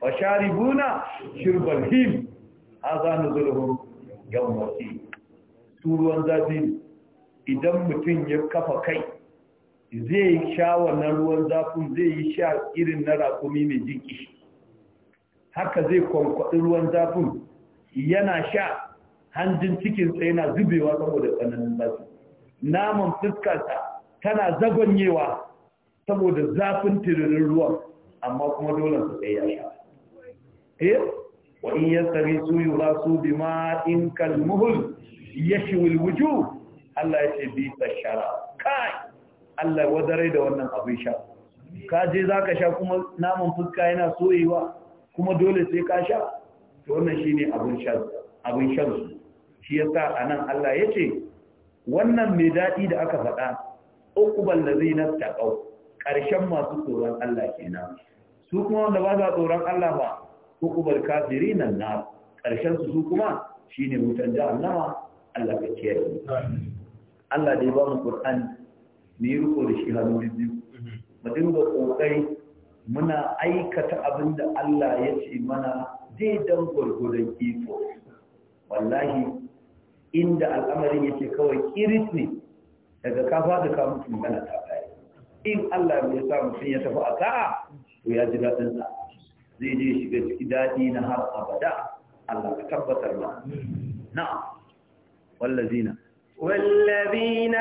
fasharibuna shirbal him hadha nuzuluhum yawm wasi su ruwan zafi idan mutum ya kafa kai zai sha wannan ruwan zafin zai yi sha irin na rakumi mai jiki haka zai kwankwaɗi ruwan zafin yana sha hanjin cikinsa yana zubewa saboda tsananin zafi naman fuskarsa tana zagonyewa saboda zafin tiririn ruwan amma kuma dole su tsaye ya sha eh wa in yasari su bi bima in kal muhul yashwil wujuh Allah ya ce bi shara kai Allah wadare da wannan abin sha ka je zaka sha kuma naman fuska yana soyewa kuma dole sai ka sha to wannan shine abin shan abin shan su shi yasa anan Allah yace wannan mai dadi da aka faɗa uqbal ladina taqaw karshen masu tsoron Allah kenan su kuma wanda ba sa tsoron Allah ba uqbal kafirin na. karshen su su kuma shine mutan jahannama Allah ka kiyaye Allah dai ba mu Qur'ani ne ya da shi hannu biyu mhm. mu dinga kokari muna aikata abinda Allah ya ce mana Zai daidan gwargwadon iko wallahi inda al'amarin yake kawai kiris ne daga kafa da ka mutum gana ta baya in Allah ya sa mutum ya tafi a ka'a to ya ji daɗin sa zai je shiga ciki daɗi na har abada Allah ka tabbatar ma na'am wallazina والذين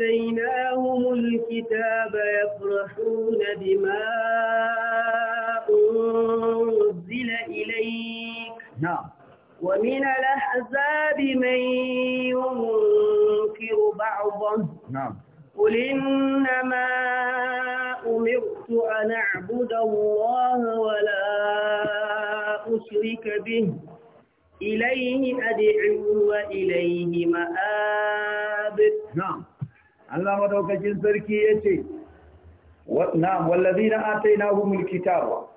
آتيناهم الكتاب يفرحون بما أنزل إليك نعم ومن الأحزاب من ينكر بعضه نعم قل إنما أمرت أن أعبد الله ولا أشرك به إليه أدعو وإليه مآب نعم الله مدوكجين سركي يتي نعم والذين آتيناهم الكتاب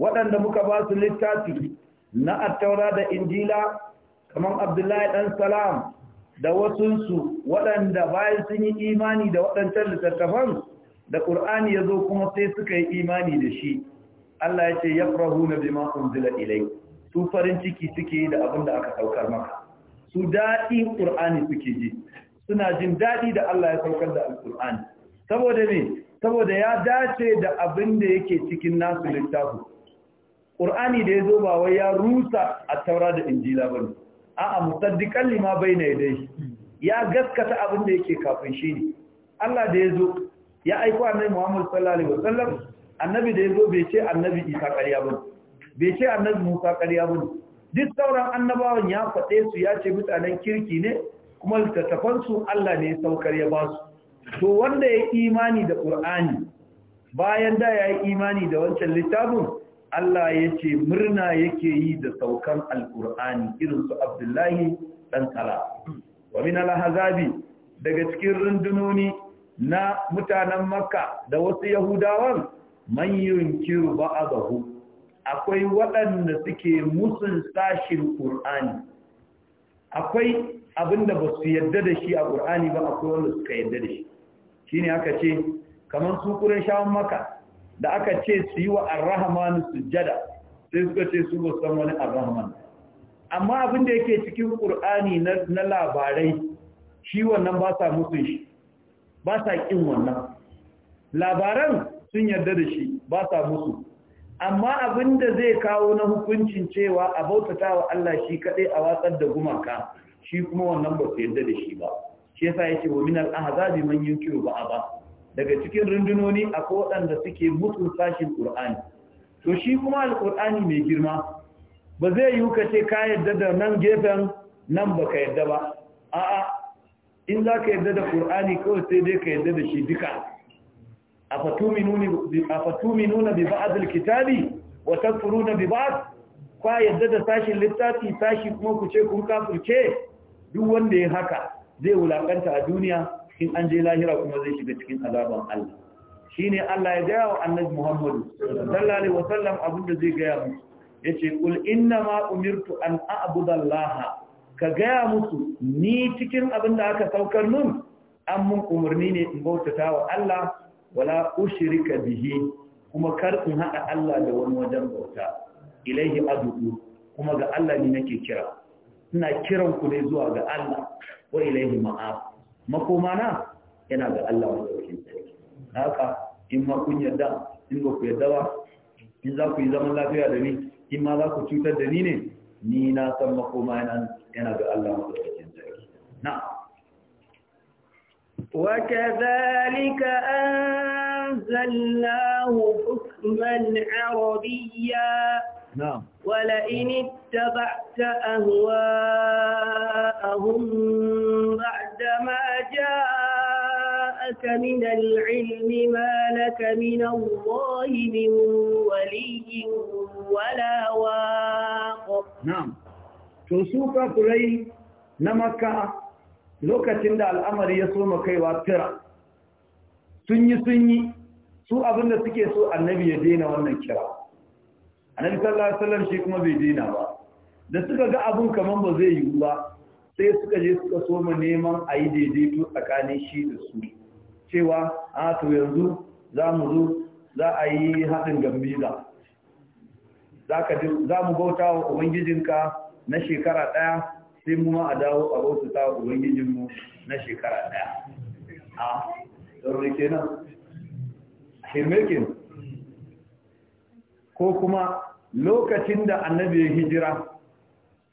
waɗanda muka ba su littafi na attaura da injila kamar abdullahi ɗan salam da wasunsu waɗanda bayan sun yi imani da waɗancan littattafan da ƙur'ani ya zo kuma sai suka yi imani da shi Allah ya ce ya faru na bima unzila ilai su farin ciki suke da abin da aka saukar maka su daɗi ƙur'ani suke ji suna jin daɗi da Allah ya saukar da alƙur'ani saboda me saboda ya dace da abin da yake cikin nasu littafi ƙur'ani da ya zo ba wai ya rusa a taura da injila ba ne a'a musaddiƙan lima bai na yadda ya gaskata abin da yake kafin shi ne Allah da ya zo ya aiko annabi Muhammad sallallahu alaihi wasallam annabi da ya zo bai ce annabi Isa ƙarya ba ne, bai ce annabi Musa ƙarya ba ne. duk sauran annabawan ya faɗe su ya ce mutanen kirki ne kuma littattafan su Allah ne ya saukar ya ba su to wanda ya imani da Qur'ani bayan da ya yi imani da wancan littafin Allah ya ce murna yake yi da saukan alkur'ani irin su abdullahi ɗan sala wa min alhazabi daga cikin rundunoni na mutanen makka da wasu yahudawan man a zahu, akwai waɗanda suke musun sashin Ƙur'ani. akwai abinda ba su yadda da shi a ƙur'ani ba akwai wanda suka yadda da shi Shi ne aka ce kamar su kuren shawon makka da aka ce su yi wa arrahman sujada, sai suka ce su san wani arrahman amma abin da yake cikin qur'ani na labarai shi wannan ba sa musu shi ba sa kin wannan labaran sun yarda da shi ba sa musu amma abin da zai kawo na hukuncin cewa a bautata wa Allah shi kaɗai a watsar da gumaka shi kuma wannan ba su yarda da shi ba shi yasa yake wa min al-ahzabi man yunkiru ba'aba daga cikin rundunoni akwai waɗanda suke mutu sashin ƙur'ani to shi kuma alƙur'ani mai girma ba zai yi ka ce ka yadda da nan gefen nan ba ka yadda ba a'a in za ka yadda da ƙur'ani kawai sai dai ka yadda da shi duka a fatumi nuna bi kitabi wa takfuru bi ba'ad kwa yadda da sashin littafi sashi kuma ku ce kun kafirce duk wanda ya haka zai wulakanta a duniya in an je lahira kuma zai shiga cikin azaban Allah shine Allah ya gaya wa annabi muhammadu sallallahu alaihi wasallam abin da zai gaya musu ce kul inna ma umirtu an a'budu ka gaya musu ni cikin abin da aka saukar nun an mun umarni ne in bautata wa Allah wala ushirika bihi kuma kar in haɗa Allah da wani wajen bauta ilaihi adu'u kuma ga Allah ne nake kira ina kiran ku ne zuwa ga Allah wa ilaihi ma'af makoma na yana ga Allah wanda yake haka in ma kun yarda in ba ku yarda ba in za ku yi zaman lafiya da ni in ma za ku cutar da ni ne ni na san makoma yana ga Allah wanda yake sarki na وكذلك أنزلناه حكما عربيا نعم ولئن اتبعت أهواءهم بعد لك من العلم ما لك من الله من ولي ولا واق نعم تنسوك قري نمكة lokacin da al'amari ya soma kaiwa kira sun yi sun yi su abinda suke so annabi ya daina wannan kira annabi sallallahu alaihi wasallam shi kuma bai daina ba da suka ga abun kaman ba zai yiwu ba sai suka je suka soma neman a yi daidaito tsakanin shi da su cewa a to yanzu za mu zo za a yi haɗin gambiza za mu bauta wa ubangijinka na shekara ɗaya sai mu ma a dawo a baututa wa ubangijinmu na shekara ɗaya a ɗaure kenan shirmekin ko kuma lokacin da annabi ya hijira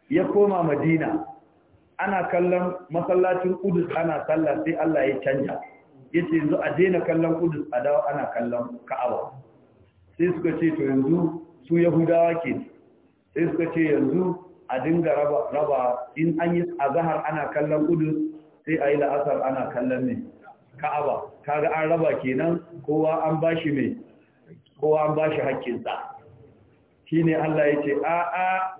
ya koma madina ana kallon masallacin kudus ana sallah sai Allah ya canja yace yanzu a daina kallon kudus a dawo ana kallon ka'aba sai suka ce to yanzu su yahudawa ke sai suka ce yanzu a dinga raba in an yi azahar ana kallon kudus sai a yi la'asar ana kallon ne ka'aba kaga an raba kenan kowa an bashi mai kowa an bashi haƙƙinsa shine Allah yace a a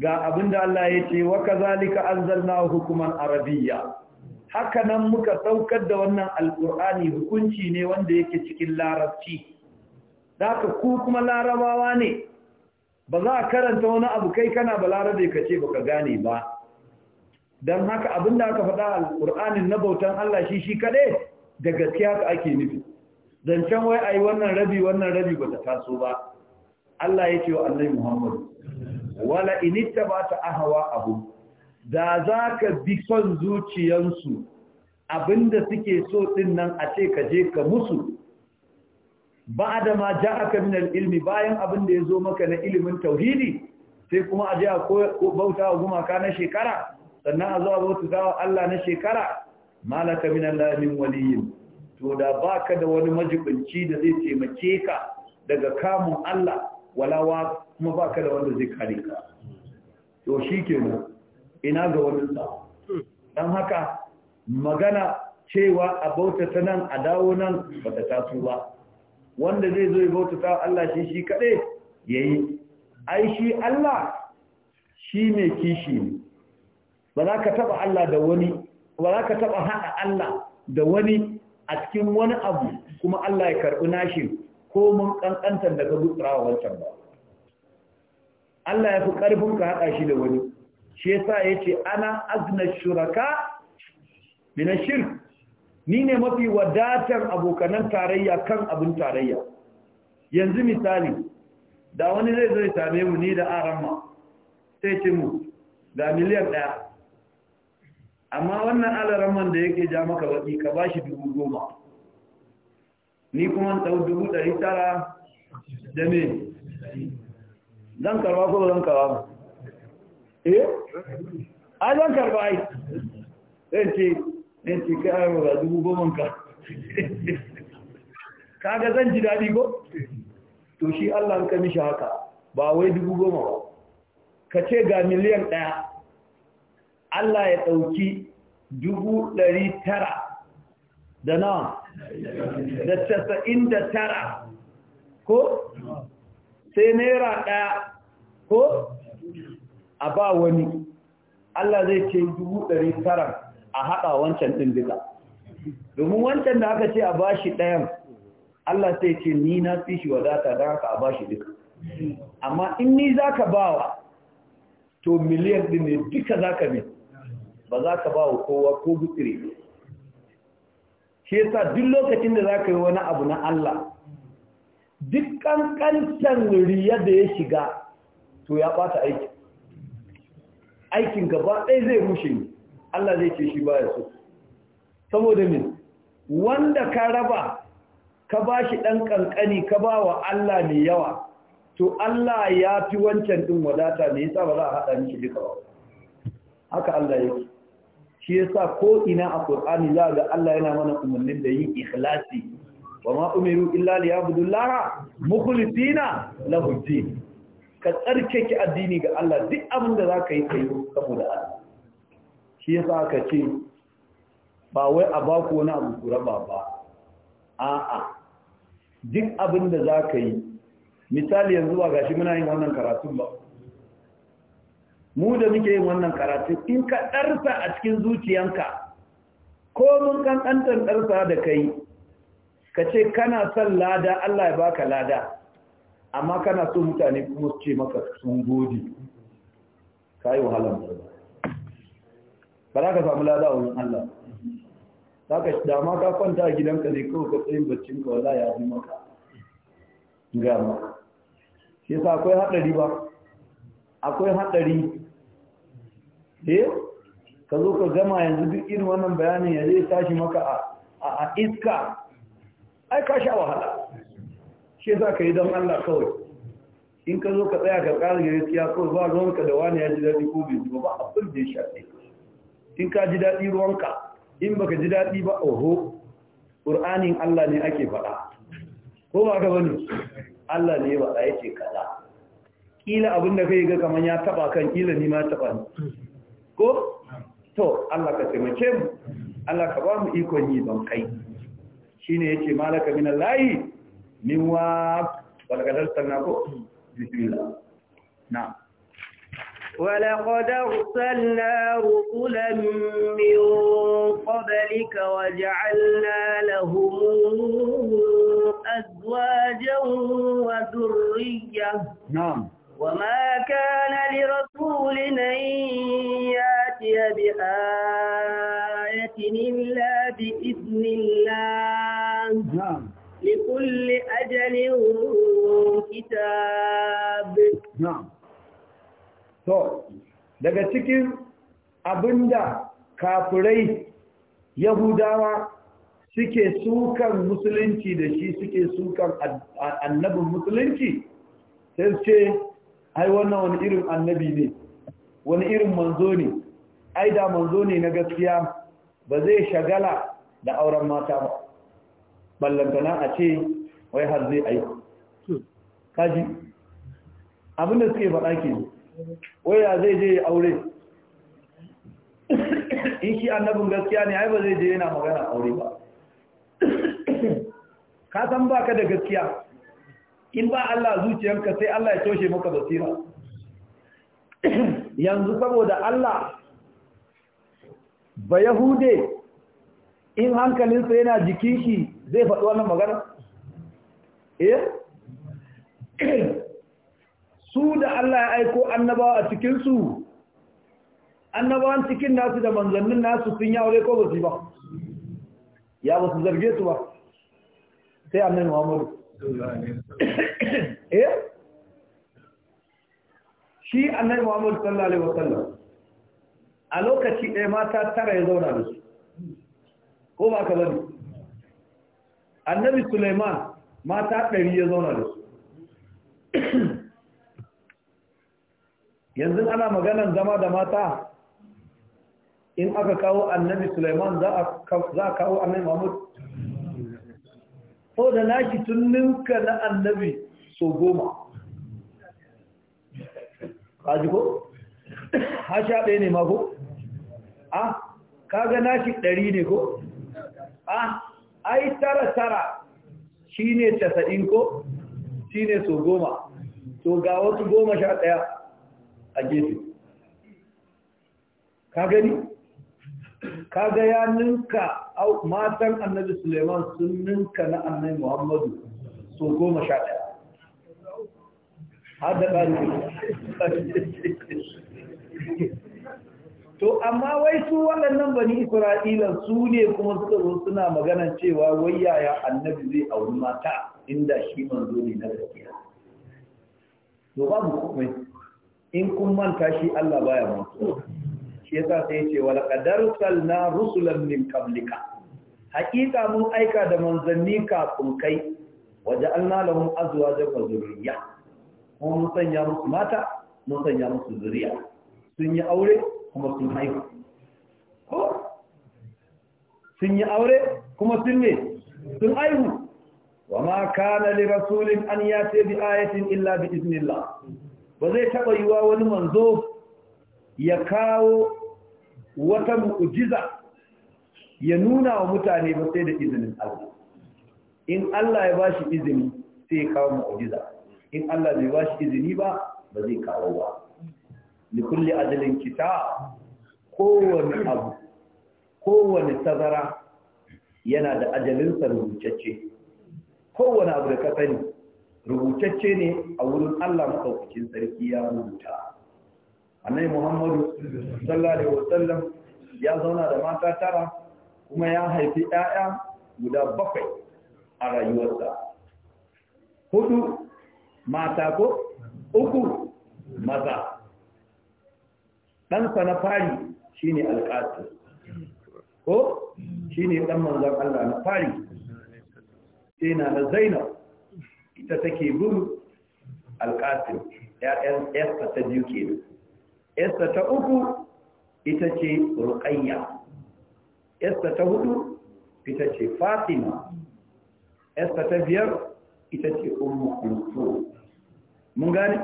ga abinda Allah yace wa kazalika anzalna hukuman arabiyya haka nan muka saukar da wannan alƙur'ani hukunci ne wanda yake cikin larabci da ka ku kuma larabawa ne ba za a karanta wani abu kai kana ba larabe ka ce baka gane ba don haka abin da aka faɗa alkur'ani na bautan Allah shi shi kaɗai da gaskiya ka ake nufi zancen wai a yi wannan rabi wannan rabi ba ta taso ba Allah ya ce wa Allah Muhammadu wala inita ba ta ahawa abu da za ka bi son zuciyansu abinda suke so din nan a ce ka je ka musu ba da ma ja aka min ilmi bayan abinda ya zo maka na ilimin tauhidi sai kuma a je a bauta wa gumaka na shekara sannan a zo a bauta wa Allah na shekara malaka min Allah lamin waliyin to da baka da wani majibinci da zai taimake ka daga kamun Allah walawa kuma baka da wanda zai kare ka to shikenan ina ga sa. don haka magana cewa a bautata nan a dawo nan ba ta taso ba wanda zai zo ya bautata Allah shi shi kaɗai ya yi ai shi Allah shi mai kishi ne ba za ka taɓa Allah da wani ba za ka taɓa haɗa Allah da wani a cikin wani abu kuma Allah ya karɓi nashi ko mun ƙanƙantar daga gutsurawa wancan ba Allah ya fi ƙarfin ka haɗa shi da wani shi yasa yace ana azna shuraka min ashirk ni ne mafi wadatar abokanan tarayya kan abin tarayya yanzu misali da wani zai zo ya same mu ni da aramma sai ce mu ga miliyan ɗaya amma wannan alaramman da yake ja maka baki, ka ba shi dubu goma ni kuma ɗau dubu ɗari tara da me zan karba ko zan karba eh ai don karba ai zan ce zan ce ka ai ba dubu goma ka kaga zan ji daɗi ko to shi Allah an shi haka ba wai dubu goma ba ka ce ga miliyan ɗaya Allah ya ɗauki dubu 900 tara da nawa da casa'in da tara ko sai naira ɗaya ko a ba wani Allah zai ce dubu ɗari tara a haɗa wancan ɗin duka domin wancan da aka ce a ba shi ɗayan Allah sai ce ni na fi shi wadata don haka a ba shi duka amma in ni za ka bawa to miliyan ɗin ne duka za ka ne ba za ka bawa kowa ko gutsire Kesa duk lokacin da za ka yi wani abu na Allah duk ƙanƙantar riya da ya shiga to ya ɓata aiki aikin gaba zai rushe ni Allah zai ce shi baya so saboda min wanda ka raba ka ba shi ɗan ƙanƙani ka ba wa Allah mai yawa to Allah ya fi wancan ɗin wadata ne yasa ba za a haɗa miki duka ba haka Allah yake shi yasa ko ina a Qur'ani za ga Allah yana mana umarnin da yin ikhlasi wa ma umiru illa liyabudullaha mukhlisina lahu din ka tsarkake addini ga Allah duk abin da za ka yi kai saboda Allah shi yasa ka ce ba wai a ba ku wani abu raba ba a'a duk abin da za ka yi misali yanzu ba gashi muna yin wannan karatun ba mu da muke yin wannan karatun in ka ɗarsa a cikin zuciyanka ko mun kankantar ɗarsa da kai ka ce kana son lada Allah ya baka lada amma kana so mutane kuma su ce maka sun gode ka yi wahalar ba ba za ka samu lada a wurin Allah za ka shi dama ka kwanta a gidanka ne kawai ka tsayin baccin ka wala ya fi maka ga ma shi sa akwai haɗari ba akwai haɗari eh ka zo ka gama yanzu duk irin wannan bayanin ya zai tashi maka a iska ai ka sha wahala shi za ka yi don Allah kawai in ka zo ka tsaya ka ƙara ya kawai ba ruwanka da wani ya ji daɗi ko bai ba abin da ya shaɗe in ka ji daɗi ruwanka in baka ji daɗi ba oho ƙur'anin Allah ne ake faɗa ko ba ka bane Allah ne ba ya ce kaza kila abin da kai ga kaman ya taba kan kila ni ma taba ni ko to Allah ka taimake mu Allah ka ba mu ikon yi don kai shine yace malaka min layi من واب ولقد بسم الله نعم ولقد أرسلنا رسلا من قبلك وجعلنا لهم أزواجا وذرية نعم وما كان لرسول أن يأتي بآية إلا بإذن الله نعم لكل أجل كتاب نعم to daga cikin abinda kafurai yahudawa suke sukan musulunci da shi suke sukan annabin musulunci sai ce ai wannan wani irin annabi ne wani irin manzo ne ai da manzo ne na gaskiya ba zai shagala da auren mata ba ballantana a ce wai har zai aiki kaji abinda suke faɗa ke Wai ya zai je aure in shi annabin gaskiya ne ai ba zai je yana magana aure ba ka san ba ka da gaskiya in ba Allah zuciyarka sai Allah ya toshe maka basira yanzu saboda Allah ba yahude in hankalinsa yana jikin shi zai faɗi wannan magana? eh su da Allah ya aiko annabawa a cikinsu annabawan cikin nasu da manzannin nasu sun yi aure ko ba su ba ya ba su zarge su ba sai annabi muhammadu eh shi annabi muhammadu sallallahu alaihi wasallam a lokaci ɗaya mata tara ya zauna da su ko ba ka bane annabi Suleiman mata ɗari ya zauna da su yanzu ana maganan zama da mata in aka kawo annabi Suleiman za a kawo annabi Mahmud Ko da naki tun ninka na annabi so goma kaji ko? hasha ɗaya ne mako? a ah, kaga naki ɗari ne ko? ah ai tara tara shine casa'in ko shine so goma to ga wasu goma sha ɗaya a gefe ka gani ga ya ninka matan annabi suleiman sun ninka na annabi muhammadu so goma sha ɗaya har da ƙari to amma wai su waɗannan bani isra'ila su ne kuma suka zo suna magana cewa wai yaya annabi zai auri mata inda shi manzo ne na gaskiya to ba mu kuma in kun manta shi Allah baya mantuwa shi yasa sai ya ce wa na rusulan min qablika Hakika mun aika da manzanni kafin kai waje alna lahum azwajan wa kuma mun sanya musu mata mun sanya musu zuriya sun yi aure kuma sun haihu ko sun yi aure kuma sun ne sun haihu wa ma kana li rasulin an ce bi ayatin illa bi iznillah ba zai taba yiwa wani manzo ya kawo wata mu'ujiza ya nuna wa mutane ba sai da izinin Allah in Allah ya bashi izini sai ya kawo mu'jiza in Allah bai bashi izini ba ba zai kawo ba likulli ajalin kita kowane abu kowane tazara yana da ajalinsa rubutacce kowane abu da ka sani rubutacce ne a wurin Allah maɗaukakin sarki ya rubuta annabi Muhammadu sallallahu wasallam ya zauna da mata tara kuma ya haifi ɗaya guda bakwai a rayuwarsa hudu mata ko uku maza ɗansa na fari shine alƙasir ko shine ɗan manzan Allah na fari sai na da zainab ita take bin alƙasir ‘ya'yan ta biyu ke ‘yarsa ta uku ita ce ruƙayya ‘yarsa ta hudu ita ce fatima ‘yarsa ta biyar ita ce umar mun gane?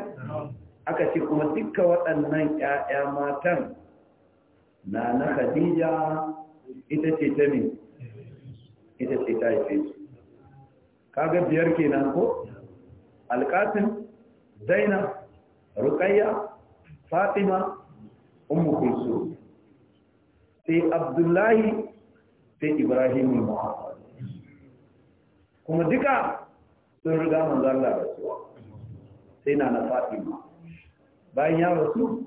aka ce kuma dukkan waɗannan ‘ya'ya matan na na Khadija ita ce ta ne, ita ce ta yi Kaga biyar kenan ko? Alƙasin, Zainab, Rukayya, Fatima, Ummu Kulsu. Sai Abdullahi, sai Ibrahim Muhammad. Kuma duka sun riga manzan Allah rasuwa, sai na na Fatima. bayan ya rasu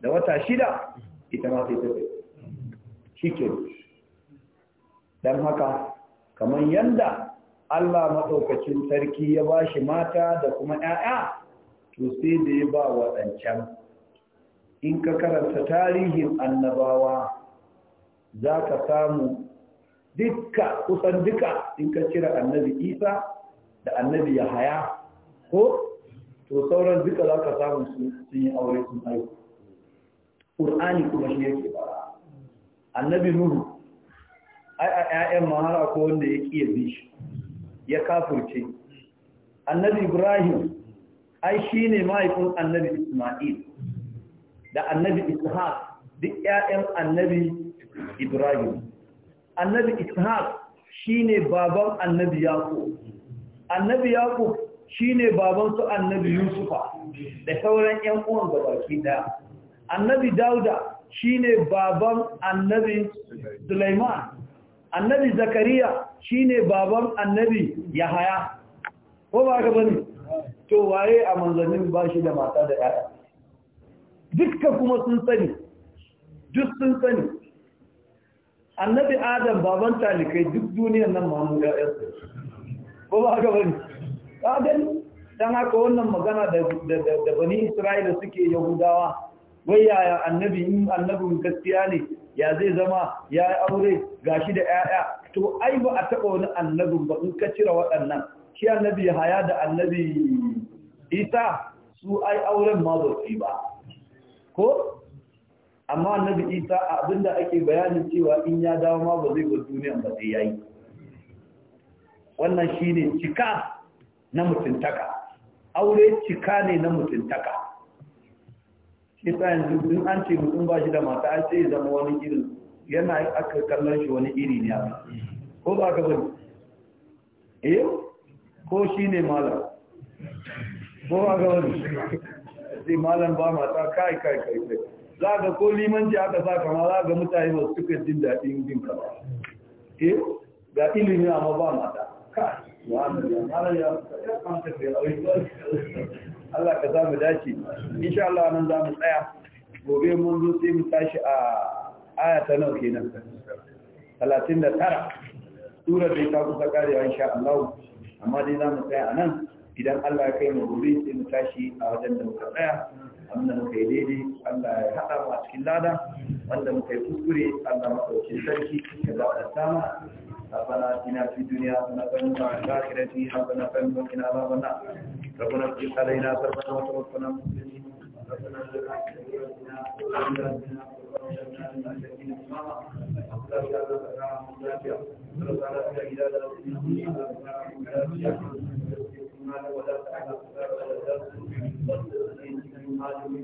da wata shida ita ma sai ta shi ke don haka kamar yadda Allah maɗaukacin sarki ya ba shi mata da kuma ‘ya'ya to sai da ya ba waɗancan in ka karanta tarihin annabawa za ka samu dukka kusan duka in ka cire annabi isa da annabi yahaya ko to sauran duka za ka samu sun yi aure sun haihu ƙur'ani kuma shi yake ba annabi nuhu ai a ƴaƴan mahara ko wanda ya ƙi ya bi shi ya kafurce annabi ibrahim ai shi ne mahaifin annabi isma'il da annabi ishaq duk ƴaƴan annabi ibrahim annabi ishaq shi ne baban annabi yaƙo annabi yaƙo shine baban su annabi yusufa da sauran yan uwan baki daya annabi dauda shine baban annabi sulaiman annabi zakariya shine baban annabi yahaya ko ba ka bane to waye a manzannin ba shi da mata da yaya dukka kuma sun sani duk sun sani annabi adam baban talikai duk duniyar nan mamun ya'yarsa ko ba ka bane ka gani dan haka wannan magana da bani Isra'ila suke Yahudawa wai yaya annabi in annabin gaskiya ne ya zai zama ya yi aure gashi da 'ya'ya to ai ba a taɓa wani annabin ba in ka cire waɗannan shi annabi haya da annabi isa su ai auren ma ba su ba ko amma annabi isa a abinda ake bayanin cewa in ya dawo ma ba zai ba duniyan ba sai yayi wannan shine cika na mutuntaka aure cika ne na mutuntaka shi ta yanzu in an ce mutum ba shi da mata an ce zama wani irin yana aka kallon shi wani iri ne ko ba ka bari eh ko shi ne malam ko ba ka bari sai malam ba mata kai kai kai kai za ga ko limanci aka sa kama za ga mutane ba su suka jin daɗin jin ba eh ga ilimi amma ba mata kai Allah ka za mu dace insha Allah nan mu tsaya gobe mun zo sai mu tashi a ayata ta nawa kenan 39 sura da ta kusa karewa insha Allah amma dai za mu tsaya a nan idan Allah ya kai mu gobe sai mu tashi a wajen da muka tsaya wanda muka yi daidai Allah ya haɗa mu a cikin lada wanda muka yi kuskure Allah maɗaukin sarki ya za da sama ربنا اتنا في الدنيا حسنه وفي الاخره حسنه وقنا عذاب النار ربنا اغفر علينا ذنوبنا وتوفنا مسلمين ربنا اجعلنا ولا تحرمنا ولا تحرمنا ولا تحرمنا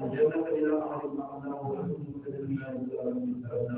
أجعلك إلى أحد ما أنه رسول مكتب الله